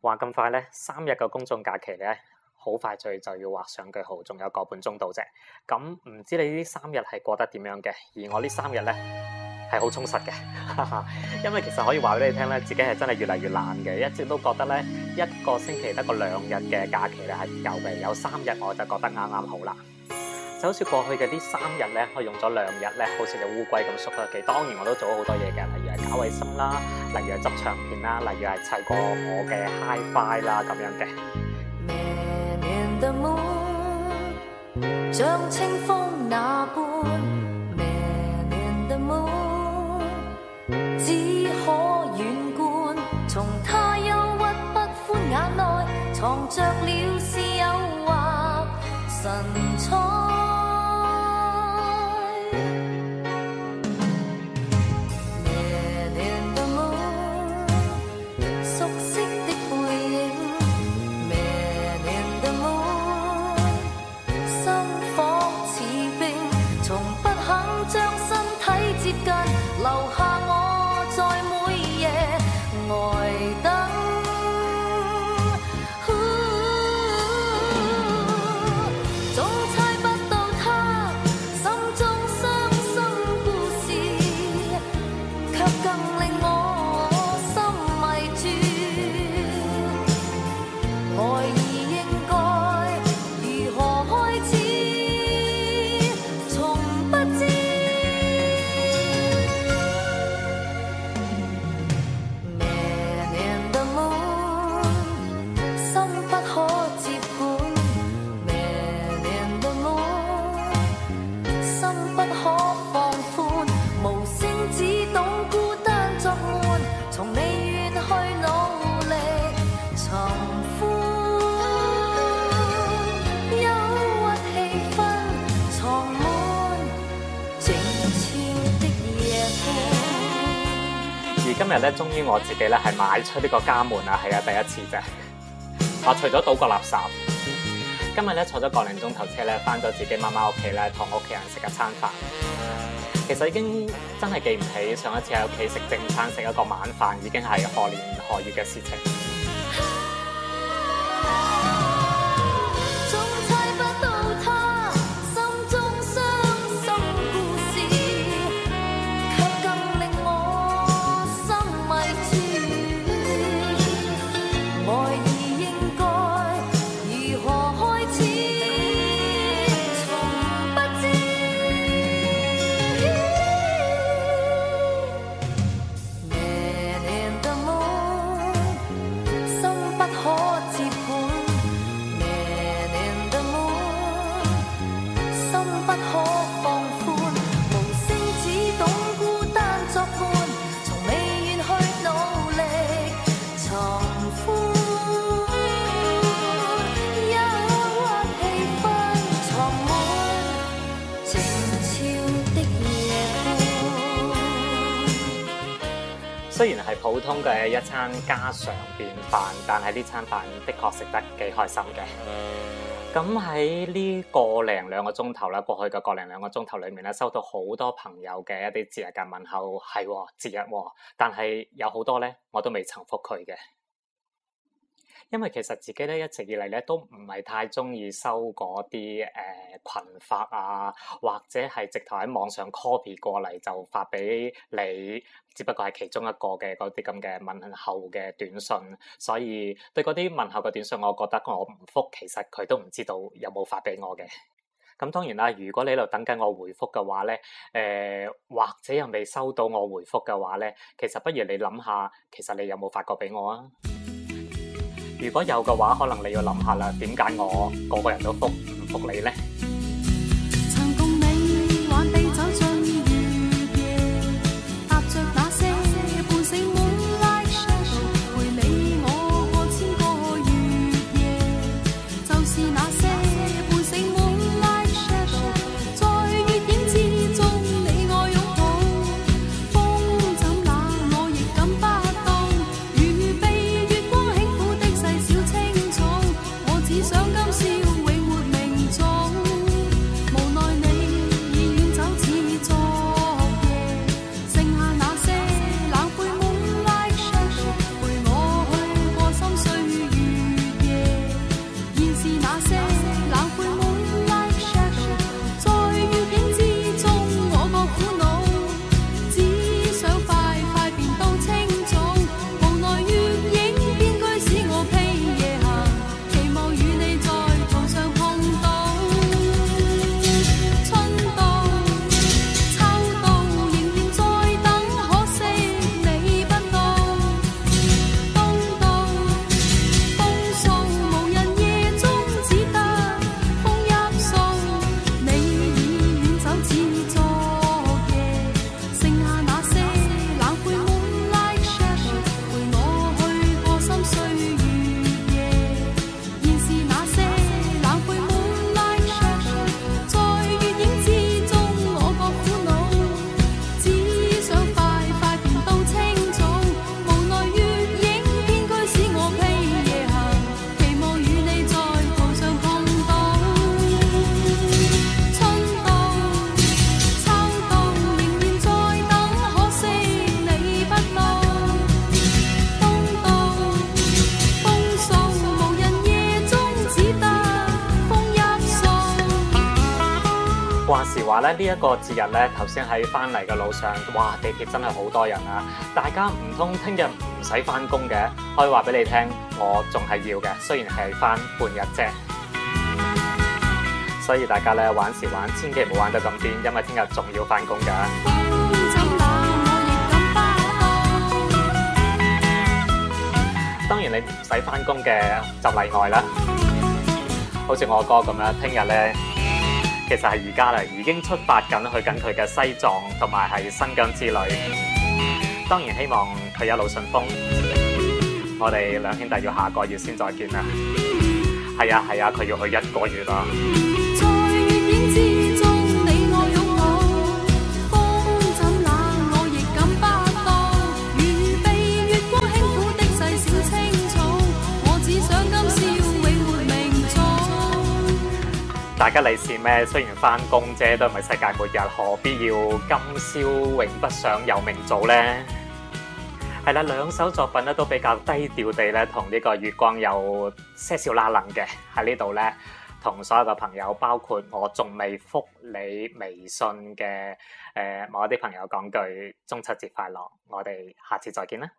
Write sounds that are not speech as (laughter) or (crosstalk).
話咁快呢，三日嘅公眾假期呢，好快就就要畫上句號，仲有個半鐘到啫。咁、嗯、唔知你呢三日係過得點樣嘅？而我呢三日呢，係好充實嘅， (laughs) 因為其實可以話俾你聽咧，自己係真係越嚟越懶嘅，一直都覺得呢一個星期得個兩日嘅假期咧係唔夠嘅，有三日我就覺得啱啱好啦。就好似過去嘅呢三日呢，我用咗兩日呢，好似隻烏龜咁縮嘅，其當然我都做咗好多嘢嘅，例如係搞衛生啦。例如係執唱片啦，例如係砌過我嘅 HiFi 啦，咁樣嘅。而今日咧，終於我自己咧係買出呢個家門啦，係啊，第一次啫！我 (laughs) 除咗倒個垃圾，今日咧坐咗個零鐘頭車咧，返咗自己媽媽屋企咧，同屋企人食一餐飯。其實已經真係記唔起上一次喺屋企食正餐食一個晚飯，已經係何年何月嘅事情。雖然係普通嘅一餐家常便飯，但係呢餐飯的確食得幾開心嘅。咁喺呢個零兩個鐘頭啦，過去嘅個零兩個鐘頭裏面咧，收到好多朋友嘅一啲節日嘅問候，係喎節日喎，哦，但係有好多咧我都未曾覆佢嘅。因為其實自己咧一直以嚟咧都唔係太中意收嗰啲誒群發啊，或者係直頭喺網上 copy 過嚟就發俾你，只不過係其中一個嘅嗰啲咁嘅問候嘅短信。所以對嗰啲問候嘅短信，我覺得我唔復，其實佢都唔知道有冇發俾我嘅。咁 (laughs) 當然啦，如果你喺度等緊我回復嘅話咧，誒、呃、或者又未收到我回復嘅話咧，其實不如你諗下，其實你有冇發過俾我啊？如果有嘅話，可能你要諗下啦。點解我個個人都服唔服你咧？話時話咧，這個、節呢一個節日咧，頭先喺翻嚟嘅路上，哇，地鐵真係好多人啊！大家唔通聽日唔使翻工嘅？可以話俾你聽，我仲係要嘅，雖然係翻半日啫。所以大家咧玩時玩，千祈唔好玩到咁癲，因為聽日仲要翻工噶。當然你唔使翻工嘅就例外啦，好似我哥咁樣，聽日咧。其實係而家啦，已經出發緊去緊佢嘅西藏同埋係新疆之旅。當然希望佢一路順風。我哋兩兄弟要下個月先再見啦。係啊係啊，佢、啊、要去一個月喇。大吉利是咩？雖然翻工啫，都唔係世界末日，何必要今宵永不想有明早呢？係 (laughs) 啦， (laughs) 兩首作品咧都比較低調地咧，同呢個月光有些少拉冷嘅喺呢度咧，同所有嘅朋友，包括我仲未覆你微信嘅誒、呃、某一啲朋友講句中秋節快樂，我哋下次再見啦。